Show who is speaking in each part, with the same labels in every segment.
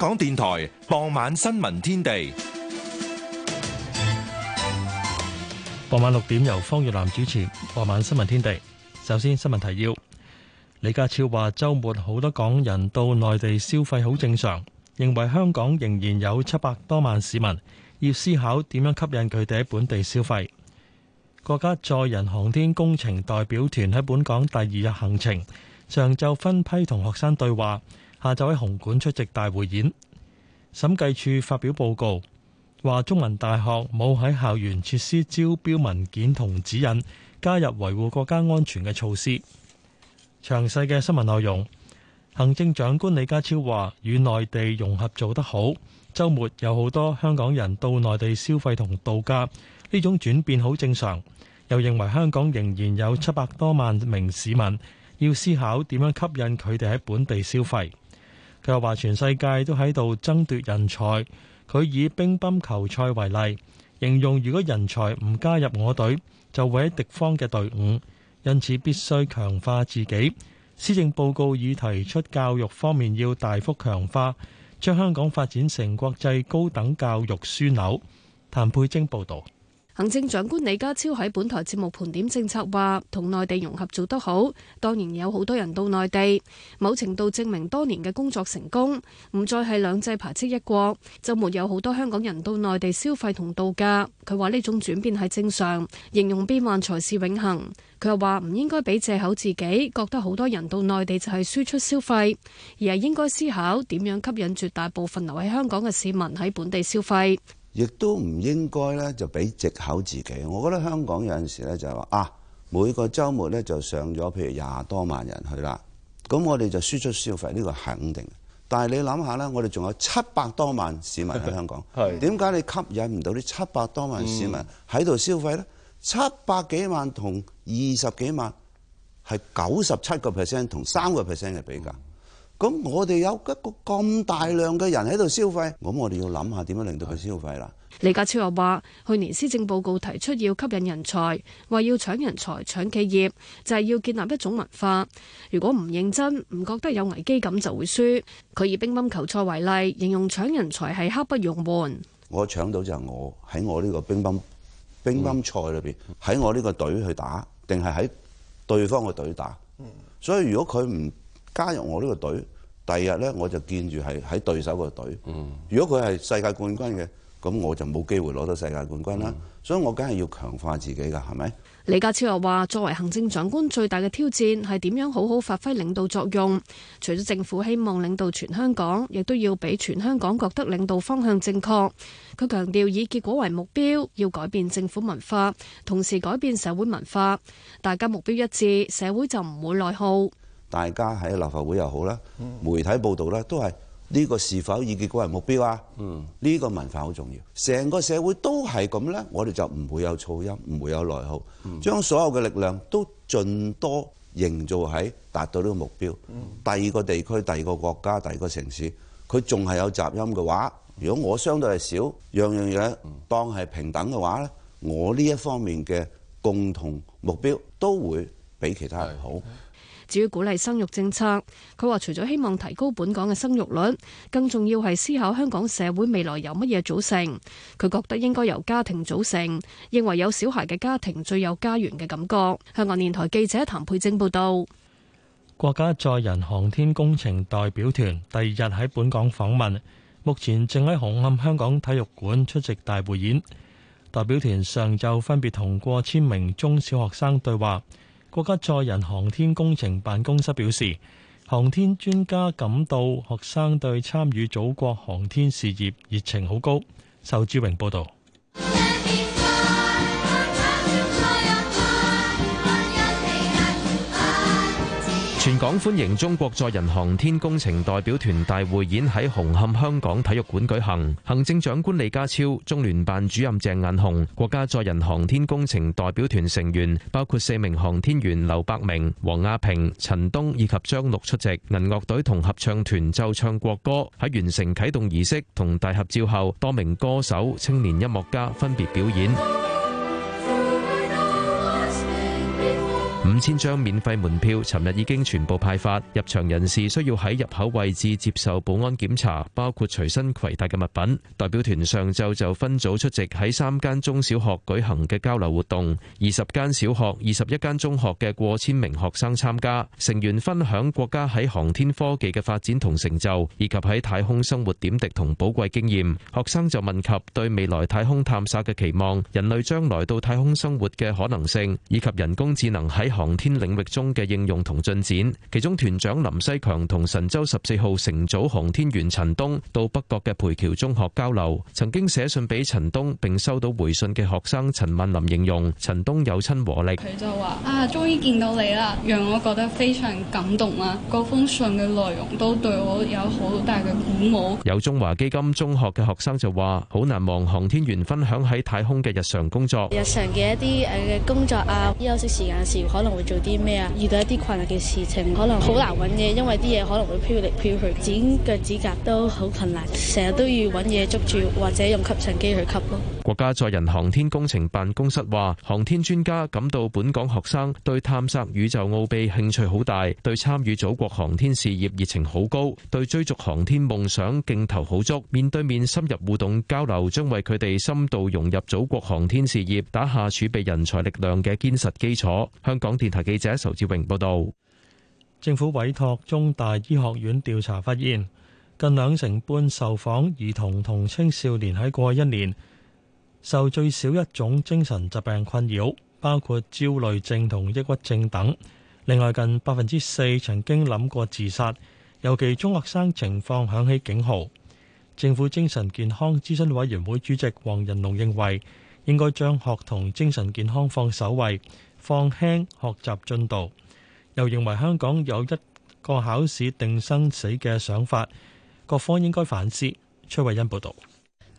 Speaker 1: 香港電台傍晚新聞天地，傍晚六點由方月蘭主持。傍晚新聞天地，首先新聞提要。李家超話周末好多港人到內地消費好正常，認為香港仍然有七百多萬市民要思考點樣吸引佢哋喺本地消費。國家載人航天工程代表團喺本港第二日行程，上晝分批同學生對話。下晝喺紅館出席大會演。審計署發表報告，話中文大學冇喺校園設施招標文件同指引加入維護國家安全嘅措施。詳細嘅新聞內容。行政長官李家超話，與內地融合做得好，周末有好多香港人到內地消費同度假，呢種轉變好正常。又認為香港仍然有七百多萬名市民要思考點樣吸引佢哋喺本地消費。佢又話：全世界都喺度爭奪人才，佢以乒乓球賽為例，形容如果人才唔加入我隊，就會喺敵方嘅隊伍，因此必須強化自己。施政報告已提出教育方面要大幅強化，將香港發展成國際高等教育樞紐。譚佩晶報導。
Speaker 2: 行政長官李家超喺本台節目盤點政策，話同內地融合做得好，當然，有好多人到內地，某程度證明多年嘅工作成功。唔再係兩制排斥一國，周末好多香港人到內地消費同度假。佢話呢種轉變係正常，形容變幻才是永恆。佢又話唔應該俾借口自己，覺得好多人到內地就係輸出消費，而係應該思考點樣吸引絕大部分留喺香港嘅市民喺本地
Speaker 3: 消費。亦都唔應該咧，就俾藉口自己。我覺得香港有陣時咧就係話啊，每個週末咧就上咗譬如廿多萬人去啦。咁我哋就輸出消費呢個肯定。但係你諗下呢，我哋仲有七百多萬市民喺香港，點 解你吸引唔到呢七百多萬市民喺度消費呢？七百幾萬同二十幾萬係九十七個 percent 同三個 percent 嘅比較。咁我哋有一個咁大量嘅人喺度消費，咁我哋要諗下點樣令到佢消費啦。
Speaker 2: 李家超又話：去年施政報告提出要吸引人才，話要搶人才、搶企業，就係要建立一種文化。如果唔認真、唔覺得有危機感，就會輸。佢以乒乓球賽為例，形容搶人才係刻不容緩。
Speaker 3: 我搶到就係我喺我呢個乒乓乒乓球賽裏邊，喺我呢個隊去打，定係喺對方嘅隊打。所以如果佢唔加入我呢個隊，第二日呢我就見住係喺對手個隊。嗯，如果佢係世界冠軍嘅，咁我就冇機會攞到世界冠軍啦。所以我梗係要強化自己噶，係咪？
Speaker 2: 李家超又話作為行政長官，最大嘅挑戰係點樣好好發揮領導作用。除咗政府希望領導全香港，亦都要俾全香港覺得領導方向正確。佢強調以結果為目標，要改變政府文化，同時改變社會文化。大家目標一致，社會就唔會內耗。
Speaker 3: 大家喺立法會又好啦，媒體報導啦，都係呢個是否以結果為目標啊？呢、嗯，呢個文化好重要。成個社會都係咁呢。我哋就唔會有噪音，唔會有內耗，將、嗯、所有嘅力量都盡多營造喺達到呢個目標，嗯。第二個地區、第二個國家、第二個城市，佢仲係有雜音嘅話，如果我相對係少樣樣嘢當係平等嘅話呢，我呢一方面嘅共同目標都會比其他人好。
Speaker 2: 至於鼓勵生育政策，佢話：除咗希望提高本港嘅生育率，更重要係思考香港社會未來由乜嘢組成。佢覺得應該由家庭組成，認為有小孩嘅家庭最有家園嘅感覺。香港電台記者譚佩貞報道。
Speaker 1: 國家載人航天工程代表團第二日喺本港訪問，目前正喺紅磡香港體育館出席大匯演。代表團上晝分別同過千名中小學生對話。國家載人航天工程辦公室表示，航天專家感到學生對參與祖國航天事業熱情好高。仇志榮報導。
Speaker 4: 全港歡迎中國載人航天工程代表團大會演喺紅磡，香港體育館舉行。行政長官李家超、中聯辦主任鄭雁雄、國家載人航天工程代表團成員包括四名航天員劉伯明、王亞平、陳冬以及張陸出席。銀樂隊同合唱團奏唱國歌。喺完成啟動儀式同大合照後，多名歌手、青年音樂家分別表演。五千張免費門票，尋日已經全部派發。入場人士需要喺入口位置接受保安檢查，包括隨身攜帶嘅物品。代表團上晝就分組出席喺三間中小學舉行嘅交流活動，二十間小學、二十一間中學嘅過千名學生參加。成員分享國家喺航天科技嘅發展同成就，以及喺太空生活點滴同寶貴經驗。學生就問及對未來太空探索嘅期望、人類將來到太空生活嘅可能性，以及人工智能喺航天領域中嘅應用同進展，其中團長林西強同神舟十四號乘組航天員陳東到北角嘅培僑中學交流。曾經寫信俾陳東，並收到回信嘅學生陳萬林形容陳東有親和力。佢
Speaker 2: 就話：啊，終於見到你啦，讓我覺得非常感動啊。嗰封信嘅內容都對我有好大嘅鼓舞。
Speaker 4: 有中華基金中學嘅學生就話：好難忘航天員分享喺太空嘅日常工作，日
Speaker 5: 常嘅一啲誒嘅工作啊，休息時間時。可能會做啲咩啊？遇到一啲困難嘅事情，可能好難揾嘢，因為啲嘢可能會飄嚟飄去，剪腳指甲都好困難，成日都要揾嘢捉住，或者用吸塵機去吸咯。
Speaker 4: 國家載人航天工程辦公室話，航天專家感到本港學生對探索宇宙奧秘興趣好大，對參與祖國航天事業熱情好高，對追逐航天夢想勁頭好足。面對面深入互動交流，將為佢哋深度融入祖國航天事業打下儲備人才力量嘅堅實基礎。香港電台記者仇志榮報道。
Speaker 1: 政府委託中大醫學院調查發現，近兩成半受訪兒童同青少年喺過去一年受最少一種精神疾病困擾，包括焦慮症同抑鬱症等。另外近，近百分之四曾經諗過自殺，尤其中學生情況響起警號，政府精神健康諮詢委員會主席黃仁龍認為應該將學童精神健康放首位，放輕學習進度。又認為香港有一個考試定生死嘅想法，各方應該反思。崔慧欣報道。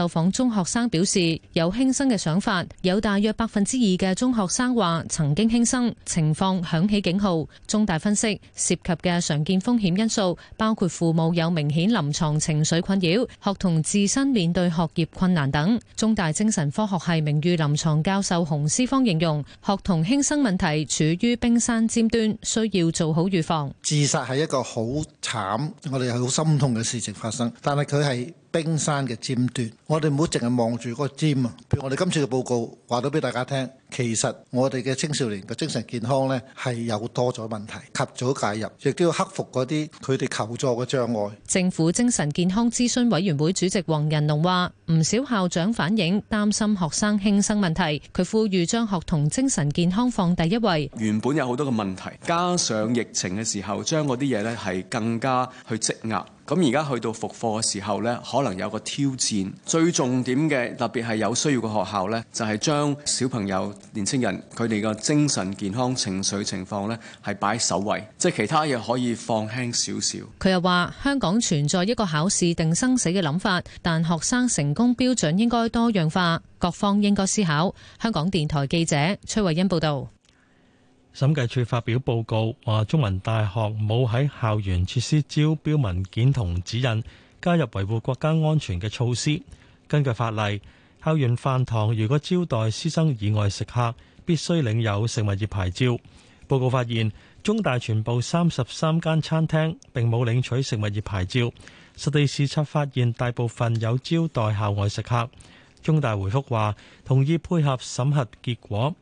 Speaker 6: 受訪中學生表示有輕生嘅想法，有大約百分之二嘅中學生話曾經輕生，情況響起警號。中大分析涉及嘅常見風險因素包括父母有明顯臨床情緒困擾，學童自身面對學業困難等。中大精神科學系名譽臨床教授洪思方形容，學童輕生問題處於冰山尖端，需要做好預防。
Speaker 7: 自殺係一個好
Speaker 1: 慘，我哋係好心痛嘅事情發生，但係佢係冰山嘅尖端，我哋唔好淨係望住嗰個尖啊！譬如我哋今次嘅報告話到俾大家聽。其實我哋嘅青少年嘅精神健康咧，係有多咗問題，及早介入亦都要克服嗰啲佢哋
Speaker 8: 求助嘅障礙。
Speaker 6: 政府精神健康諮詢委員會主席黃仁龍話：唔少校長反映擔心學生輕生問題，佢呼籲將學童精神健康放第一位。
Speaker 4: 原本有好多嘅問題，加上疫情嘅時候，將嗰啲嘢咧係更加去積壓。咁而家去到復課嘅時候咧，可能有個挑戰。最重點嘅，特別係有需要嘅學校咧，就係將小朋友。年青人佢哋個精神健康情緒情況呢，係擺首位，即係其他嘢可以放輕少少。
Speaker 6: 佢又話香港存在一個考試定生死嘅諗法，但學生成功標準應該多樣化，各方應該思考。香港電台記者崔慧欣報道。
Speaker 1: 審計署發表報告話，中文大學冇喺校園設施招標文件同指引加入維護國家安全嘅措施。根據法例，校園飯堂如果招待師生以外食客，必須領有食物業牌照。報告發現，中大全部三十三間餐廳並冇領取食物業牌照。實地視察發現大部分有招待校外食客。中大回覆話，同意配合審核結果。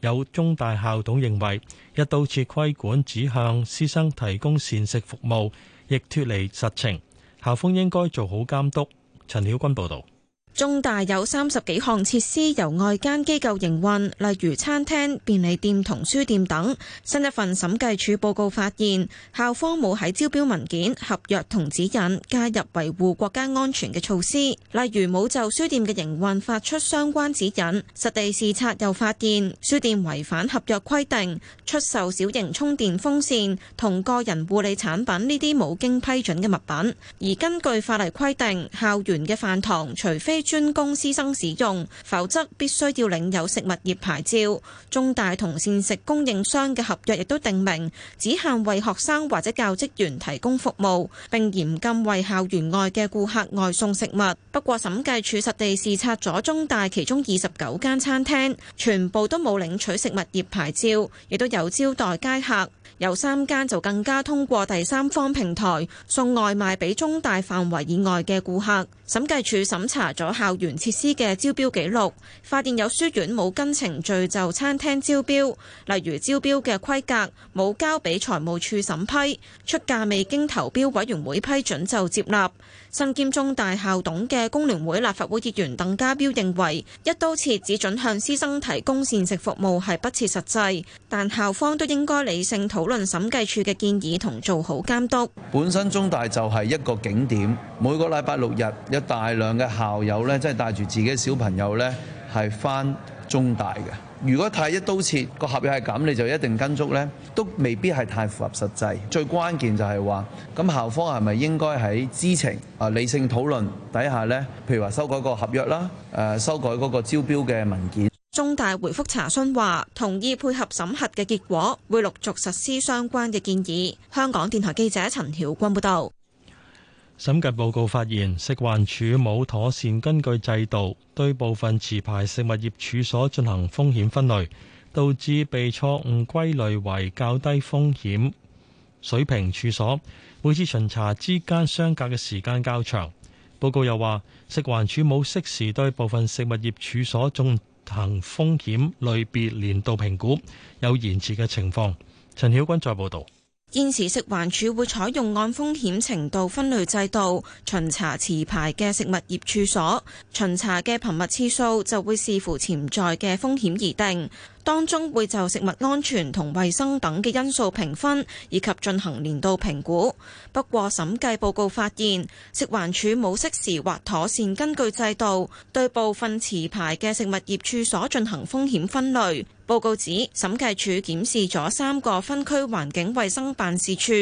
Speaker 1: 有中大校董認為，一刀切規管指向師生提供膳食服務亦脫離實情。校方應該做好監督。陳曉君報道。
Speaker 5: 中大有三十幾項設施由外間機構營運，例如餐廳、便利店同書店等。新一份審計署報告發現，校方冇喺招標文件、合約同指引加入維護國家安全嘅措施，例如冇就書店嘅營運發出相關指引。實地視察又發現書店違反合約規定，出售小型充電風扇同個人護理產品呢啲冇經批准嘅物品。而根據法例規定，校園嘅飯堂除非專供師生使用，否則必須要領有食物業牌照。中大同膳食供應商嘅合約亦都定明，只限為學生或者教職員提供服務，並嚴禁為校園外嘅顧客外送食物。不過審計處實地視察咗中大其中二十九間餐廳，全部都冇領取食物業牌照，亦都有招待街客。有三間就更加通過第三方平台，送外賣俾中大範圍以外嘅顧客。審計署審查咗校園設施嘅招標記錄，發現有書院冇跟程序就餐廳招標，例如招標嘅規格冇交俾財務處審批，出價未經投標委員會批准就接納。身兼中大校董嘅工聯會立法會議員鄧家彪認為，一刀切只准向師生提供膳食服務係不切實際，但校方都應該理性討論審計署嘅建議同做好監督。
Speaker 3: 本身中大就係一個景點，每個禮拜六日大量嘅校友咧，即係帶住自己小朋友咧，係翻中大嘅。如果太一刀切，個合約係咁，你就一定跟足咧，都未必係太符合實際。最關鍵就係話，咁校方係咪應該喺知情啊理性討論底下咧？譬如話修改個合約啦，誒修改嗰個招標嘅文件。
Speaker 5: 中大回覆查詢話，同意配合審核嘅結果，會陸續實施相關嘅建議。香港電台記者陳曉君
Speaker 1: 報道。審計報告發現，食環署冇妥善根據制度對部分持牌食物業處所進行風險分類，導致被錯誤歸類為較低風險水平處所。每次巡查之間相隔嘅時間較長。報告又話，食環署冇適時對部分食物業處所進行風險類別年度評估，有延遲嘅情況。陳曉君再報道。
Speaker 5: 現時食環署會採用按風險程度分類制度，巡查持牌嘅食物業處所，巡查嘅頻密次數就會視乎潛在嘅風險而定。當中會就食物安全同衛生等嘅因素評分，以及進行年度評估。不過審計報告發現，食環署冇適時或妥善根據制度對部分持牌嘅食物業處所進行風險分類。報告指審計署檢視咗三個分區環境衛生辦事處。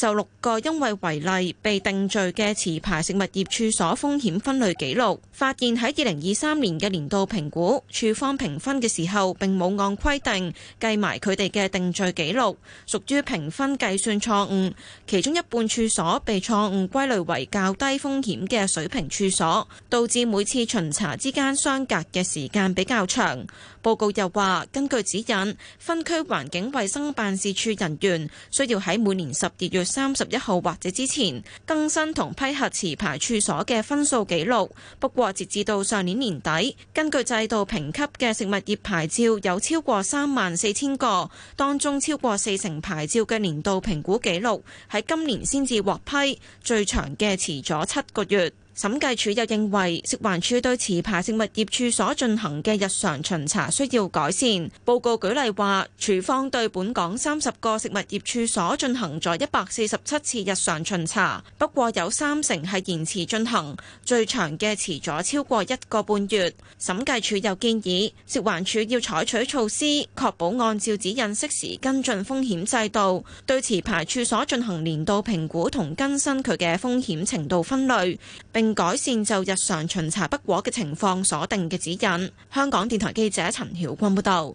Speaker 5: 就六個因為違例被定罪嘅持牌食物業處所風險分類記錄發現，喺二零二三年嘅年度評估處方評分嘅時候，並冇按規定計埋佢哋嘅定罪記錄，屬於評分計算錯誤，其中一半處所被錯誤歸類為較低風險嘅水平處所，導致每次巡查之間相隔嘅時間比較長，報告又話根據指引，分區環境衛生辦事處人員需要喺每年十二月三十一號或者之前更新同批核持牌處所嘅分數紀錄。不過，截至到上年年底，根據制度評級嘅食物業牌照有超過三萬四千個，當中超過四成牌照嘅年度評估紀錄，喺今年先至獲批，最長嘅遲咗七個月。審計署又認為，食環署對持牌食物業處所進行嘅日常巡查需要改善。報告舉例話，廚方對本港三十個食物業處所進行咗一百四十七次日常巡查，不過有三成係延遲進行，最長嘅遲咗超過一個半月。審計署又建議，食環署要採取措施，確保按照指引適時跟進風險制度，對持牌處所進行年度評估同更新佢嘅風險程度分類。並改善就日常巡查不果嘅情況所定嘅指引。香港電台記者陳曉君報道。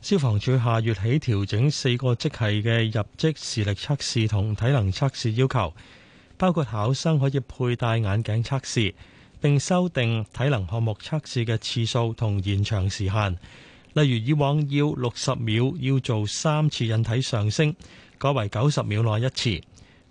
Speaker 1: 消防署下月起調整四個職系嘅入職視力測試同體能測試要求，包括考生可以佩戴眼鏡測試，並修訂體能項目測試嘅次數同延長時限。例如以往要六十秒要做三次引體上升，改為九十秒內一次。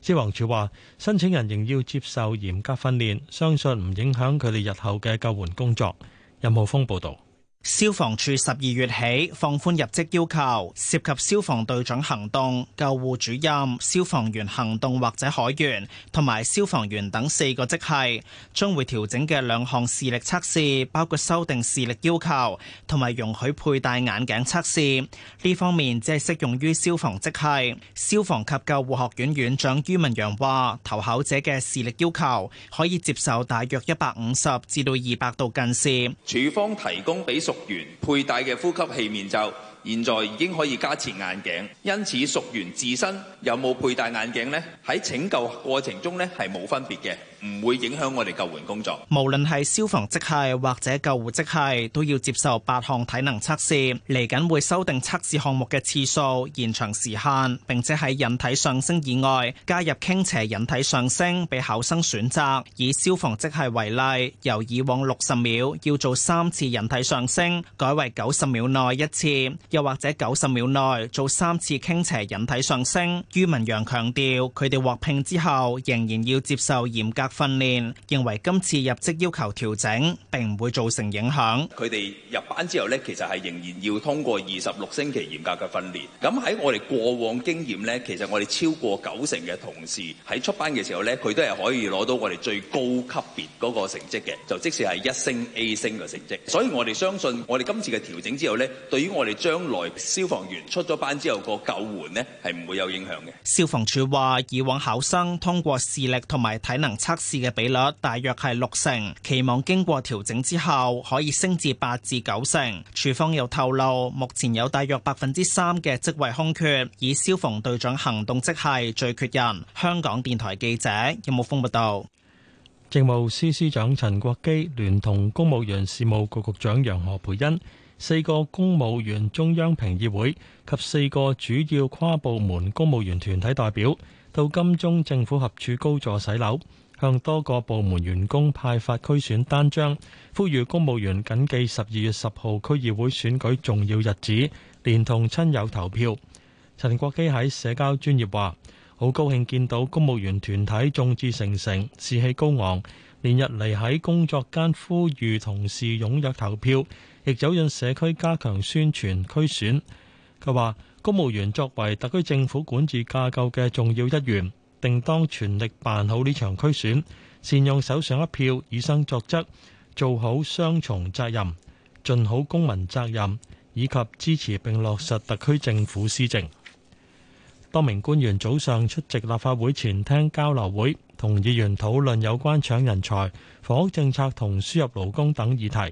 Speaker 1: 消防處話：申請人仍要接受嚴格訓練，相信唔影響佢哋日後嘅救援工作。任浩峰報導。
Speaker 8: 消防處十二月起放寬入職要求，涉及消防隊長行動、救護主任、消防員行動或者海員同埋消防員等四個職系，將會調整嘅兩項視力測試，包括修訂視力要求同埋容許佩戴眼鏡測試。呢方面只係適用於消防職系。消防及救護學院院長于文揚話，投考者嘅視力要求可以接受大約一百五十至到二百度近視。
Speaker 4: 處方提供俾員佩戴嘅呼吸器面罩。現在已經可以加設眼鏡，因此屬員自身有冇佩戴眼鏡呢？喺拯救過程中呢，係冇分別嘅，唔會影響我哋救援工作。
Speaker 8: 無論係消防職系或者救護職系，都要接受八項體能測試。嚟緊會修訂測試項目嘅次數、延長時限，並且喺引體上升以外加入傾斜引體上升俾考生選擇。以消防職系為例，由以往六十秒要做三次引體上升，改為九十秒內一次。又或者九十秒內做三次傾斜引體上升。于文陽強調，佢哋獲聘之後仍然要接受嚴格訓練，認為今次入職要求調整並唔會造成影響。
Speaker 4: 佢哋入班之後咧，其實係仍然要通過二十六星期嚴格嘅訓練。咁喺我哋過往經驗咧，其實我哋超過九成嘅同事喺出班嘅時候咧，佢都係可以攞到我哋最高級別嗰個成績嘅，就即使係一星 A 星嘅成績。所以我哋相信，我哋今次嘅調整之後咧，對於我哋將來消防員出咗班之後，個救援呢係唔會有影響
Speaker 8: 嘅。消防處話，以往考生通過視力同埋體能測試嘅比率大約係六成，期望經過調整之後可以升至八至九成。處方又透露，目前有大約百分之三嘅職位空缺，以消防隊長行動職系最缺人。香港電台記者任木峰報道。
Speaker 1: 政務司司長陳國基聯同公務員事務局局長楊何培恩。四個公務員中央評議會及四個主要跨部門公務員團體代表到金鐘政府合署高座洗樓，向多個部門員工派發區選單張，呼籲公務員謹記十二月十號區議會選舉重要日子，連同親友投票。陳國基喺社交專業話好高興見到公務員團體眾志成城，士氣高昂，連日嚟喺工作間呼籲同事踴躍投票，亦走進社區加強宣傳區選。佢話：公務員作為特區政府管治架構嘅重要一員，定當全力辦好呢場區選，善用手上一票，以身作則，做好雙重責任，盡好公民責任，以及支持並落實特區政府施政。多名官員早上出席立法會前廳交流會，同議員討論有關搶人才、房屋政策同輸入勞工等議題。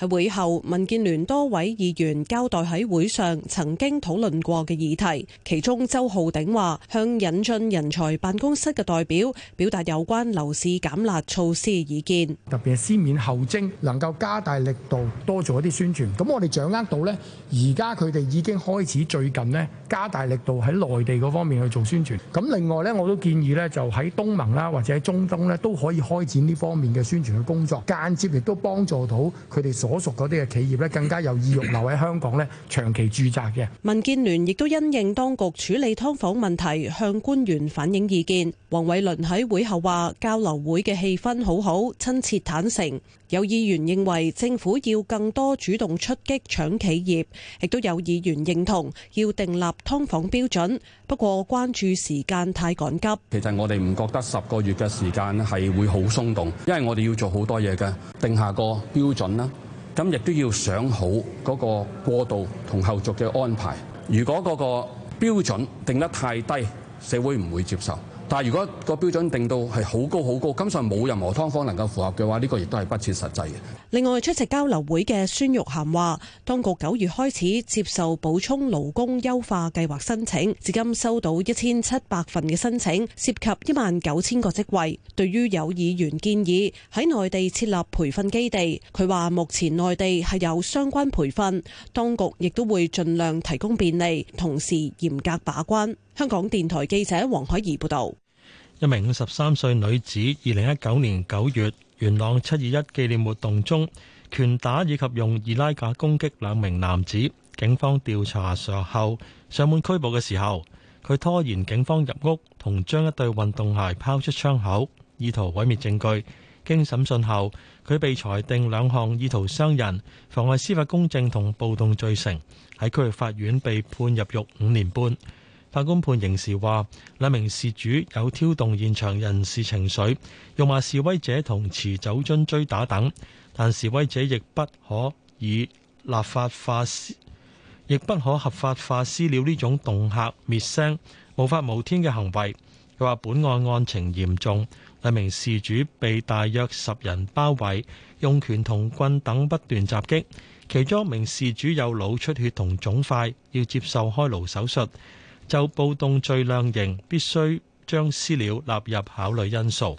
Speaker 9: 喺會後，民建聯多位議員交代喺會上曾經討論過嘅議題，其中周浩鼎話向引進人才辦公室嘅代表表達有關樓市減辣措施意見。
Speaker 1: 特別係先免後徵，能夠加大力度多做一啲宣傳。咁我哋掌握到咧，而家佢哋已經開始最近咧加大力度喺內地嗰方面去做宣傳。咁另外咧，我都建議咧就喺東盟啦或者喺中東咧都可以開展呢方面嘅宣傳嘅工作，間接亦都幫助到佢哋所所屬嗰啲嘅企業咧，更加有意欲留喺香港咧，長期駐紮嘅。
Speaker 9: 民建聯亦都因應當局處理劏房問題，向官員反映意見。黃偉麟喺會後話：交流會嘅氣氛好好，親切坦誠。有議員認為政府要更多主動出擊搶企業，亦都有議員認同要訂立劏房標準，不過關注時間太趕急。
Speaker 1: 其實我哋唔覺得十個月嘅時間係會好鬆動，因為我哋要做好多嘢嘅，定下個標準啦。咁亦都要想好嗰個過渡同後續嘅安排。如果嗰個標準定得太低，社會唔會接受。但如果個標準定到係好高好高，根本上冇任何湯方能夠符合嘅話，
Speaker 10: 呢個亦都係不切實際嘅。
Speaker 9: 另外出席交流會嘅孫玉菡話，當局九月開始接受補充勞工優化計劃申請，至今收到一千七百份嘅申請，涉及一萬九千個職位。對於有議員建議喺內地設立培訓基地，佢話目前內地係有相關培訓，當局亦都會盡量提供便利，同時嚴格把關。香港電台記者黃
Speaker 1: 海怡報道：一名五十三歲女子，二零一九年九月元朗七二一紀念活動中，拳打以及用易拉架攻擊兩名男子。警方調查後上門拘捕嘅時候，佢拖延警方入屋，同將一對運動鞋拋出窗口，意圖毀滅證據。經審訊後，佢被裁定兩項意圖傷人、妨礙司法公正同暴動罪成，喺區域法院被判入獄五年半。法官判刑時話：兩名事主有挑動現場人士情緒，辱罵示威者同持酒樽追打等，但示威者亦不可以立法化，亦不可合法化私了呢種恫嚇滅聲、無法無天嘅行為。佢話本案案情嚴重，兩名事主被大約十人包圍，用拳同棍等不斷襲擊，其中一名事主有腦出血同腫塊，要接受開顱手術。就暴動罪量刑，必須將私了納入考慮因素。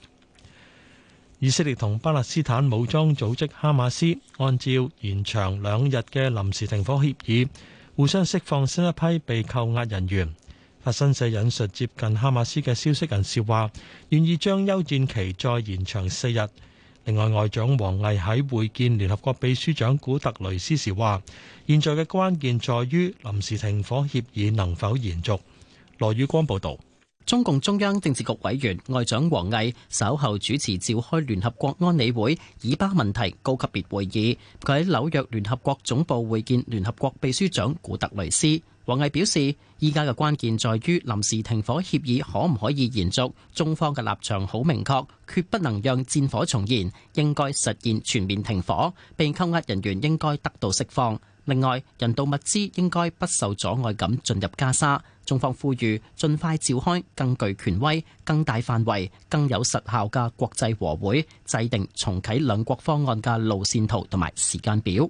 Speaker 1: 以色列同巴勒斯坦武裝組織哈馬斯按照延長兩日嘅臨時停火協議，互相釋放新一批被扣押人員。法新社引述接近哈馬斯嘅消息人士話，願意將休戰期再延長四日。另外，外長王毅喺會見聯合國秘書長古特雷斯時話：現在嘅關
Speaker 11: 鍵在於臨時停火協議能否延續。羅宇光報導。中共中央政治局委員外長王毅稍後主持召開聯合國安理會以巴問題高級別會議。佢喺紐約聯合國總部會見聯合國秘書長古特雷斯。王毅表示，依家嘅關鍵在於臨時停火協議可唔可以延續，中方嘅立場好明確，決不能讓戰火重燃，應該實現全面停火，被扣押人員應該得到釋放。另外，人道物資應該不受阻礙咁進入加沙。中方呼籲盡快召開更具權威、更大範圍、更有實效嘅國際和會，制定重啟兩國方案嘅路線圖同埋時間表。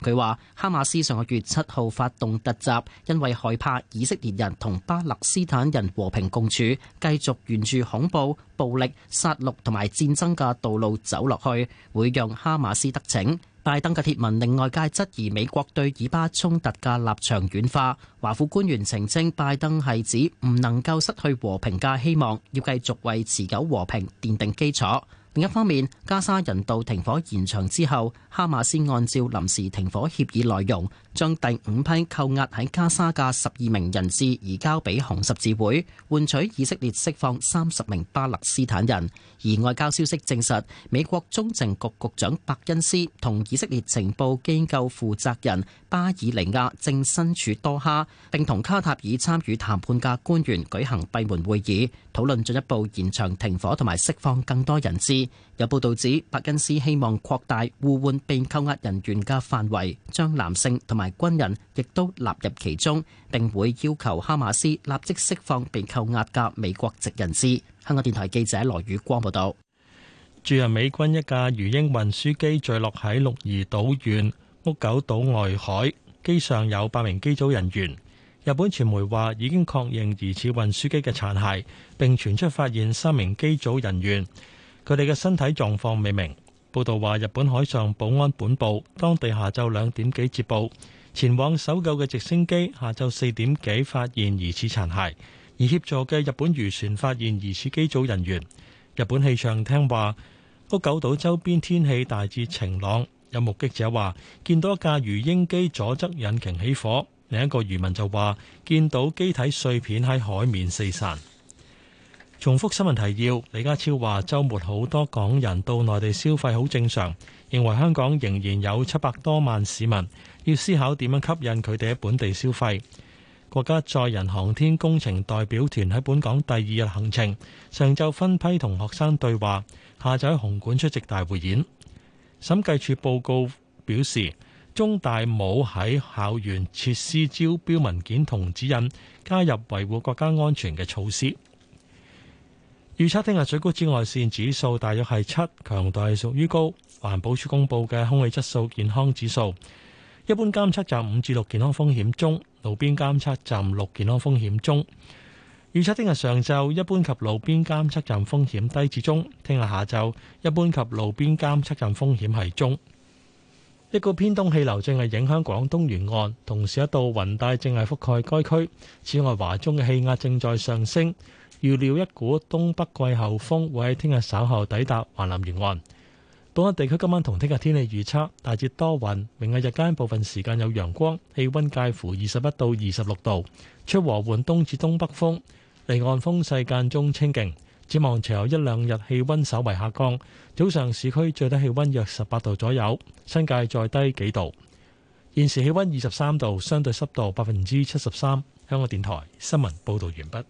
Speaker 11: 佢話：哈馬斯上個月七號發動突襲，因為害怕以色列人同巴勒斯坦人和平共處，繼續沿住恐怖、暴力、殺戮同埋戰爭嘅道路走落去，會讓哈馬斯得逞。拜登嘅貼文令外界質疑美國對以巴衝突嘅立場軟化。華府官員澄清，拜登係指唔能夠失去和平嘅希望，要繼續為持久和平奠定基礎。另一方面，加沙人道停火延長之後，哈馬斯按照臨時停火協議內容。將第五批扣押喺加沙嘅十二名人質移交俾紅十字會，換取以色列釋放三十名巴勒斯坦人。而外交消息證實，美國中情局局長伯恩斯同以色列情報機構負責人巴爾尼亞正身處多哈，並同卡塔爾參與談判嘅官員舉行閉門會議，討論進一步延長停火同埋釋放更多人質。有報道指，白登斯希望擴大互換被扣押人員嘅範圍，將男性同埋軍人亦都納入其中，並會要求哈馬斯立即釋放被扣押嘅美國籍人士。香港電台記者羅宇光報道。駐日美
Speaker 1: 軍一架魚鷹運輸機墜落喺鹿兒島縣屋久島外海，機上有八名機組人員。日本傳媒話已經確認疑似運輸機嘅殘骸，並傳出發現三名機組人員。佢哋嘅身體狀況未明。報道話，日本海上保安本部當地下晝兩點幾接報，前往搜救嘅直升機下晝四點幾發現疑似殘骸，而協助嘅日本漁船發現疑似機組人員。日本氣象廳話，屋久島周邊天氣大致晴朗。有目擊者話，見到一架魚鷹機左側引擎起火。另一個漁民就話，見到機體碎片喺海面四散。重複新聞提要。李家超話：週末好多港人到內地消費，好正常。認為香港仍然有七百多萬市民要思考點樣吸引佢哋喺本地消費。國家載人航天工程代表團喺本港第二日行程，上晝分批同學生對話，下晝喺紅館出席大會演。審計處報告表示，中大冇喺校園設施招標文件同指引加入維護國家安全嘅措施。預測聽日最高紫外線指數大約係七，強度係屬於高。環保署公布嘅空氣質素健康指數，一般監測站五至六健康風險中，路邊監測站六健康風險中。預測聽日上晝一般及路邊監測站風險低至中，聽日下晝一般及路邊監測站風險係中。一個偏東氣流正係影響廣東沿岸，同時一度雲帶正係覆蓋該區。此外，華中嘅氣壓正在上升。預料一股東北季候風會喺聽日稍後抵達華南沿岸。本港地區今晚同聽日天氣預測大致多雲，明日日間部分時間有陽光，氣温介乎二十一到二十六度，出和緩東至東北風，離岸風勢間中清勁。展望隨後一兩日氣温稍為下降，早上市區最低氣温約十八度左右，新界再低幾度。現時氣温二十三度，相對濕度百分之七十三。香港電台新聞報導完畢。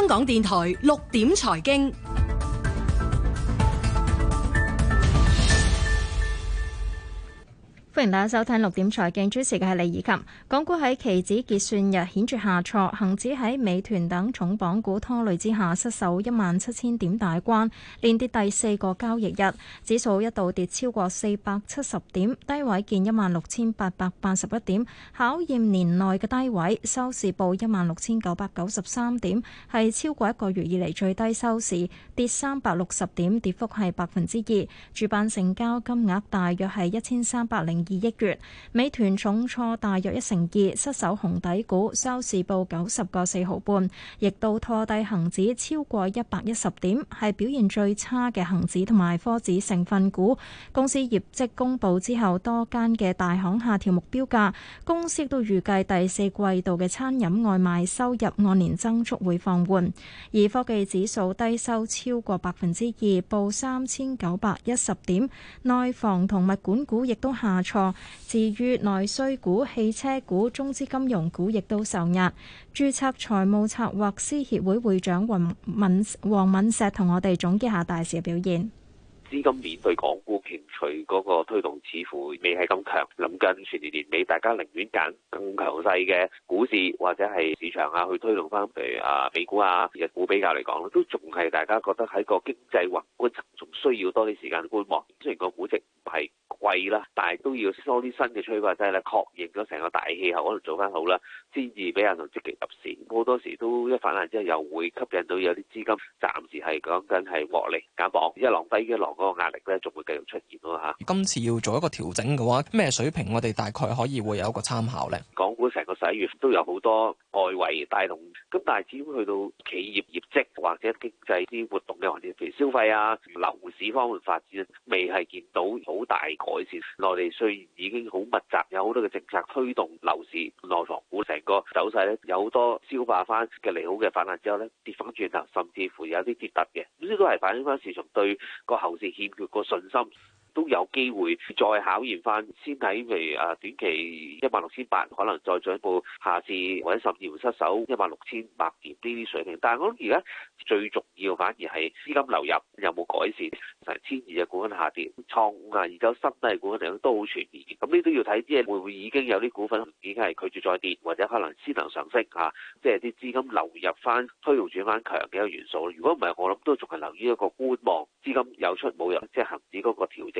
Speaker 2: 香港電台六點財經。
Speaker 12: 歡迎大家收聽六點財經，主持嘅係李以琴。港股喺期指結算日顯著下挫，恒指喺美團等重磅股拖累之下失守一萬七千點大關，連跌第四個交易日，指數一度跌超過四百七十點，低位見一萬六千八百八十一點，考驗年內嘅低位收市報一萬六千九百九十三點，係超過一個月以嚟最低收市，跌三百六十點，跌幅係百分之二，主板成交金額大約係一千三百零二億元，美團重挫大約一成二，失守紅底股，收市報九十個四毫半，亦都拖低恒指超過一百一十點，係表現最差嘅恒指同埋科指成分股。公司業績公布之後，多間嘅大行下調目標價。公司亦都預計第四季度嘅餐飲外賣收入按年增速會放緩。而科技指數低收超過百分之二，報三千九百一十點。內房同物管股亦都下。錯。至於，內需股、汽車股、中資金融股亦都受壓，註冊財務策劃師協會會長黃敏黃敏石同我哋總結下大市嘅表現。
Speaker 10: 資金面對港股平趣嗰個推動，似乎未係咁強。臨近全年年尾，大家寧願揀更強勢嘅股市或者係市場啊，去推動翻。譬如啊，美股啊日股比較嚟講咧，都仲係大家覺得喺個經濟宏觀層仲需要多啲時間觀望。雖然個估值唔係貴啦，但係都要多啲新嘅催化劑咧，確認咗成個大氣候可能做翻好啦，先至俾人同積極入市。好多時都一反彈之後，又會吸引到有啲資金暫時係講緊係獲利減磅，一浪低一浪。嗰個壓力咧，仲會繼續出現咯嚇。
Speaker 8: 今次要做一個調整
Speaker 7: 嘅話，咩水平我哋大概可以會有一個參考咧？
Speaker 10: 港股成個十一月都有好多外圍帶動，咁但係至於去到企業業績或者經濟啲活動嘅環節，譬如消費啊、樓市方面發展，未係見到好大改善。內地雖然已經好密集，有好多嘅政策推動樓市內房股成個走勢咧，有好多消化翻嘅利好嘅反彈之後咧，跌翻轉頭，甚至乎有啲跌突嘅，呢啲都係反映翻市場對個後市欠缺個信心。都有機會再考驗翻，先睇譬如啊短期一萬六千八，可能再進一步下次或者甚至會失守一萬六千八點呢啲水平。但係我諗而家最重要反而係資金流入有冇改善，成千二嘅股份下跌，創五啊二九新低股份等都好全面。咁呢都要睇，即係會唔會已經有啲股份已經係拒絕再跌，或者可能先能上升、啊、即係啲資金流入翻，推動轉翻強嘅一個元素。如果唔係，我諗都仲係留於一個觀望，資金有出冇入，即係恒指嗰個調整。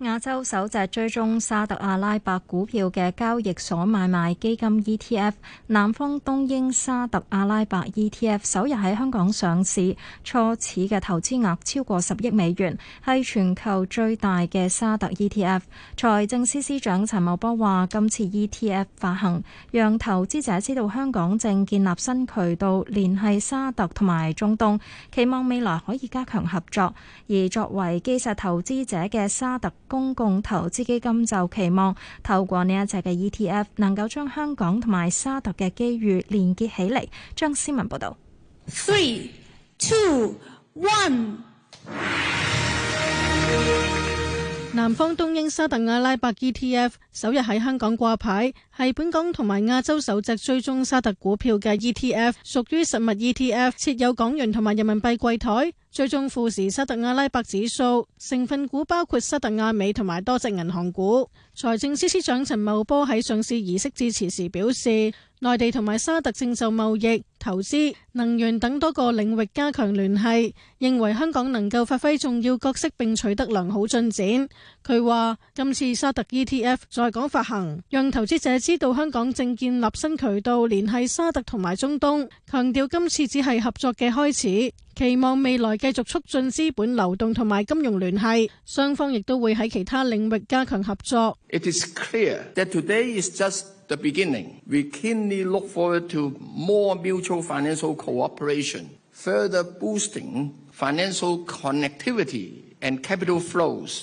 Speaker 12: 亞洲首隻追蹤沙特阿拉伯股票嘅交易所買賣基金 E T F，南方東英沙特阿拉伯 E T F 首日喺香港上市，初始嘅投資額超過十億美元，係全球最大嘅沙特 E T F。財政司司司長陳茂波話，今次 E T F 發行，讓投資者知道香港正建立新渠道聯繫沙特同埋中東，期望未來可以加強合作。而作為基石投資者嘅沙特。公共投資基金就期望透過呢一隻嘅 ETF，能夠將香港同埋沙特嘅機遇連結起嚟。張思文報導。
Speaker 13: Three, two, one。南方東英沙特阿拉伯 ETF 首日喺香港掛牌。係本港同埋亞洲首隻追蹤沙特股票嘅 ETF，屬於實物 ETF，設有港元同埋人民幣櫃台，追蹤富時沙特阿拉伯指數，成分股包括沙特亞美同埋多隻銀行股。財政司司長陳茂波喺上市儀式致辭時表示，內地同埋沙特正就貿易、投資、能源等多個領域加強聯繫，認為香港能夠發揮重要角色並取得良好進展。佢話今次沙特 ETF 在港發行，讓投資者。知道香港正建立新渠道，聯繫沙特同埋中東，強調今次只係合作嘅開始，期望未來繼續促進資本流動同埋金融聯繫，雙方亦都會喺其他領域加強合作。
Speaker 1: It is clear that today is just the beginning. We keenly look forward to more mutual financial cooperation, further boosting financial connectivity and capital flows.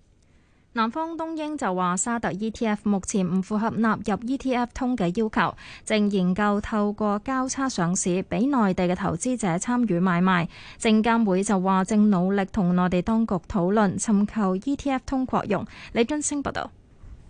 Speaker 13: 南方東英就話，沙特 ETF 目前唔符合納入
Speaker 12: ETF 通嘅要求，正研究透過交叉上市俾內地嘅投資者參與買賣。證監會就話，正努力同內地當局討論，尋求 ETF 通擴容。李津清報道。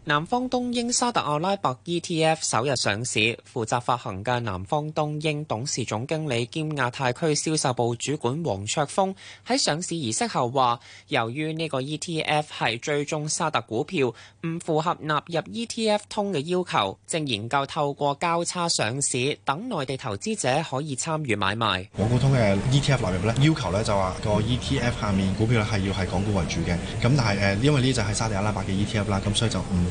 Speaker 7: 南方東英沙特阿拉伯 ETF 首日上市，負責發行嘅南方東英董事總經理兼亞太區銷售部主管黃卓峰喺上市儀式後話，由於呢個 ETF 係追蹤沙特股票，唔符合納入 ETF 通嘅要求，正研究透過交叉上市等內地投資者可以參與買賣。港
Speaker 1: 股通嘅 ETF 納入咧，要求咧就話個 ETF 下面股票咧係要係港股為主嘅，咁但係誒、呃、因為呢就係沙特阿拉伯嘅 ETF 啦，咁所以就唔。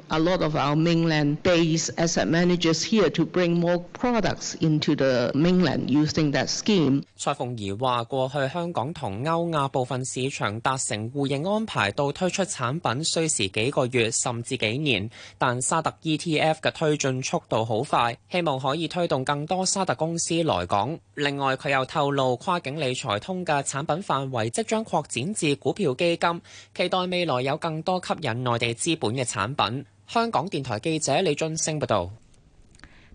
Speaker 9: A lot of our mainland-based asset managers here to bring more products into the mainland using that scheme。
Speaker 7: 蔡鳳儀話，過去香港同歐亞部分市場達成互認安排，到推出產品需時幾個月甚至幾年，但沙特 ETF 嘅推進速度好快，希望可以推動更多沙特公司來港。另外，佢又透露跨境理財通嘅產品範圍即將擴展至股票基金，期待未來有更多吸引內地資本嘅產品。香港電台記者李俊升報道：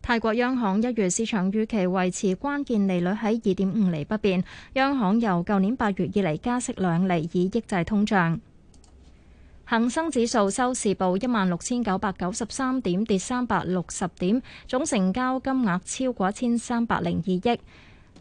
Speaker 12: 泰國央行一如市場預期維持關鍵利率喺二點五厘不變，央行由舊年八月以嚟加息兩厘，以抑制通脹。恒生指數收市報一萬六千九百九十三點，跌三百六十點，總成交金額超過一千三百零二億。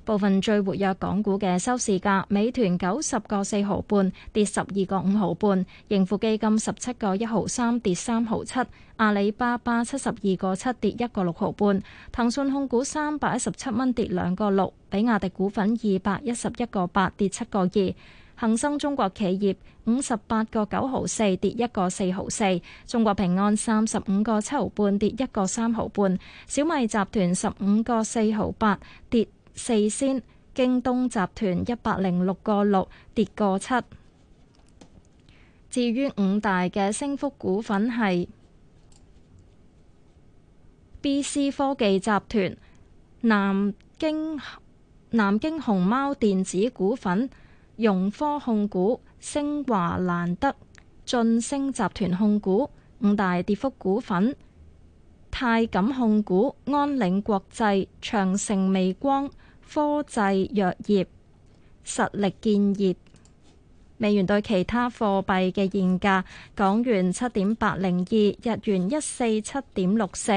Speaker 12: 部分最活躍港股嘅收市價：美團九十個四毫半，跌十二個五毫半；盈富基金十七個一毫三，跌三毫七；阿里巴巴七十二個七，跌一個六毫半；騰訊控股三百一十七蚊，跌兩個六；比亞迪股份二百一十一個八，跌七個二；恒生中國企業五十八個九毫四，跌一個四毫四；中國平安三十五個七毫半，跌一個三毫半；小米集團十五個四毫八，跌四仙，京東集團一百零六個六，跌過七。至於五大嘅升幅股份係 B C 科技集團、南京南京熊貓電子股份、融科控股、星華蘭德、晉升集團控股。五大跌幅股份，泰錦控股、安領國際、長城微光。科技藥業實力建業。美元對其他貨幣嘅現價：港元七點八零二，日元一四七點六四，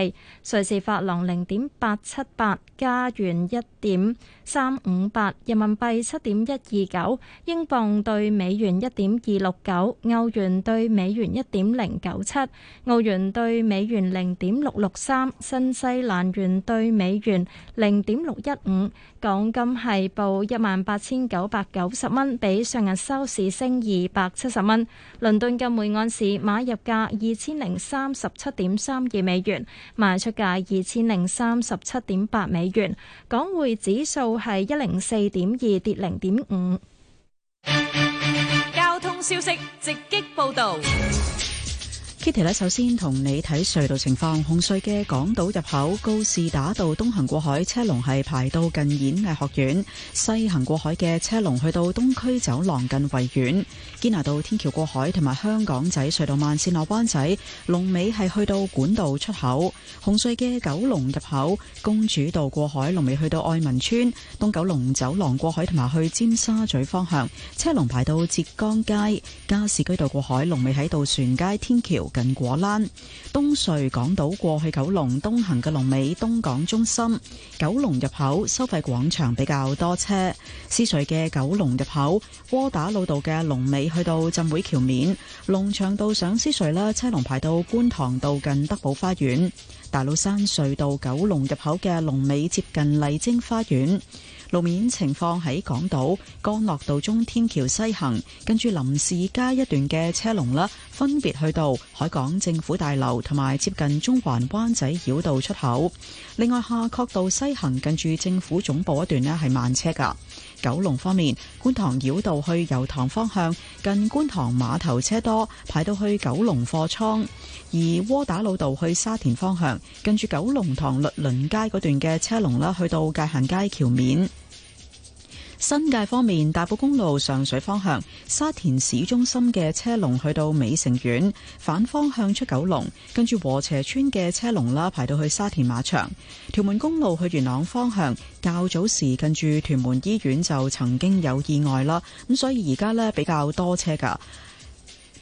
Speaker 12: 瑞士法郎零點八七八，加元一點。三五八，人民幣七點一二九，英鎊對美元一點二六九，歐元對美元一點零九七，澳元對美元零點六六三，新西蘭元對美元零點六一五。港金係報一萬八千九百九十蚊，比上日收市升二百七十蚊。倫敦嘅每盎司買入價二千零三十七點三二美元，賣出價二千零三十七點八美元。港匯指數。係一零四點二，跌零點
Speaker 6: 五。交通消息直擊報道。
Speaker 14: 呢條呢，首先同你睇隧道情況。紅隧嘅港島入口高士打道東行過海車龍係排到近演藝學院，西行過海嘅車龍去到東區走廊近維園。堅拿道天橋過海同埋香港仔隧道慢線落灣仔，龍尾係去到管道出口。紅隧嘅九龍入口公主道過海，龍尾去到愛民村東九龍走廊過海同埋去尖沙咀方向，車龍排到浙江街加士居道過海，龍尾喺渡船街天橋。近果欄，東隧港島過去九龍東行嘅龍尾，東港中心九龍入口收費廣場比較多車。獅隧嘅九龍入口窩打老道嘅龍尾去到浸會橋面，龍翔道上獅隧咧車龍排到觀塘道近德寶花園，大老山隧道九龍入口嘅龍尾接近麗晶花園。路面情況喺港島江樂道中天橋西行，跟住林士街一段嘅車龍啦，分別去到海港政府大樓同埋接近中環灣仔繞道出口。另外，下確道西行近住政府總部一段咧係慢車噶。九龍方面，觀塘繞道去油塘方向，近觀塘碼頭車多排到去九龍貨倉；而窩打老道去沙田方向，近住九龍塘律倫街嗰段嘅車龍啦，去到界限街橋面。新界方面，大埔公路上水方向沙田市中心嘅車龍去到美城苑，反方向出九龍，跟住禾輋村嘅車龍啦排到去沙田馬場。屯門公路去元朗方向，較早時近住屯門醫院就曾經有意外啦，咁所以而家咧比較多車噶。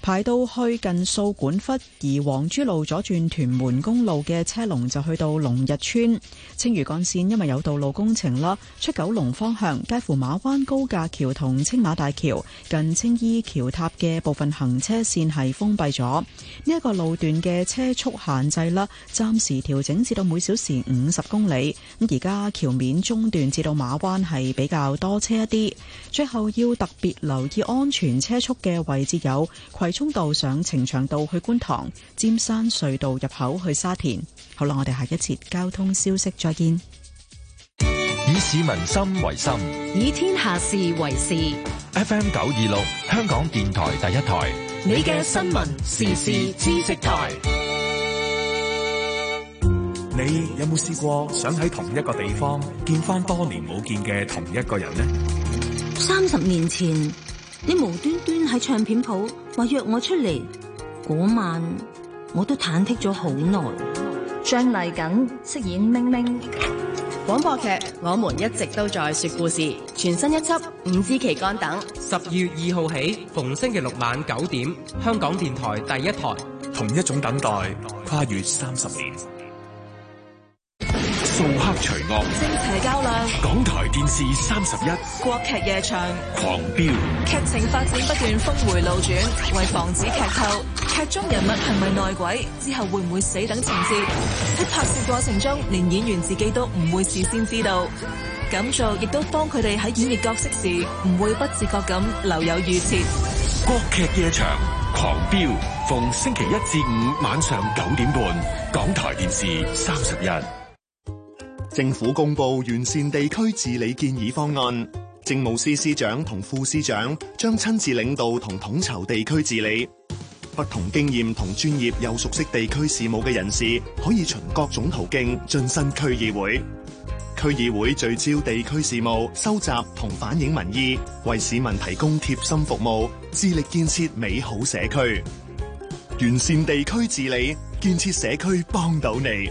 Speaker 14: 排到去近掃管笏，而皇珠路左轉屯門公路嘅車龍就去到龍日村。青嶼干線，因為有道路工程啦，出九龍方向介乎馬灣高架橋同青馬大橋近青衣橋塔嘅部分行車線係封閉咗。呢一個路段嘅車速限制啦，暫時調整至到每小時五十公里。咁而家橋面中段至到馬灣係比較多車一啲。最後要特別留意安全車速嘅位置有涌道上呈祥道去觀塘，尖山隧道入口去沙田。好啦，我哋下一節交通消息再見。
Speaker 1: 以市民心為心，
Speaker 14: 以天下事為
Speaker 10: 事。
Speaker 4: FM 九二六，香港電台第一台，
Speaker 10: 你嘅新聞時
Speaker 1: 事知識台。你有冇試過想喺同一個地方見翻多年冇見嘅同一個人呢？
Speaker 12: 三十年前，你無端端喺唱片鋪。話約我出嚟嗰
Speaker 14: 晚，我都忐忑咗好耐。
Speaker 12: 張麗瑾飾演明
Speaker 9: 明廣播劇，
Speaker 14: 我們一直都在
Speaker 9: 說故事，全新一輯《五支旗杆》等，
Speaker 4: 十月二號十二月二號起逢星期六晚九點，香港電台第一台。同一種等待，跨越三十年。掃黑除惡，正
Speaker 14: 邪較量。
Speaker 4: 港台電視三十一，
Speaker 14: 國劇夜場
Speaker 4: 狂飆，
Speaker 14: 劇情發展不斷峰回路轉。為防止劇透，劇
Speaker 9: 中人物係咪內鬼，之後會唔會死等情節，喺拍攝過程中，連演員自己都唔會事先知道。咁做亦都當佢哋喺演繹角色時，唔會不自覺咁留有預設。
Speaker 1: 國劇夜場狂飆，逢星期一至五晚上九點半，港台電視三十一。政府公布完善地區治理建議方案，政務司司長同副司長將親自領導同統籌地區治理。不同經驗同專業又熟悉地區事務嘅人士，可以循各種途徑進身區議會。區議會聚焦地區事務，收集同反映民意，為市民提供貼心服務，致力建設美好社區。完善地區治理，建設社區，幫到你。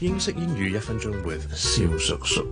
Speaker 4: 英式英語一分鐘 with 蕭叔叔。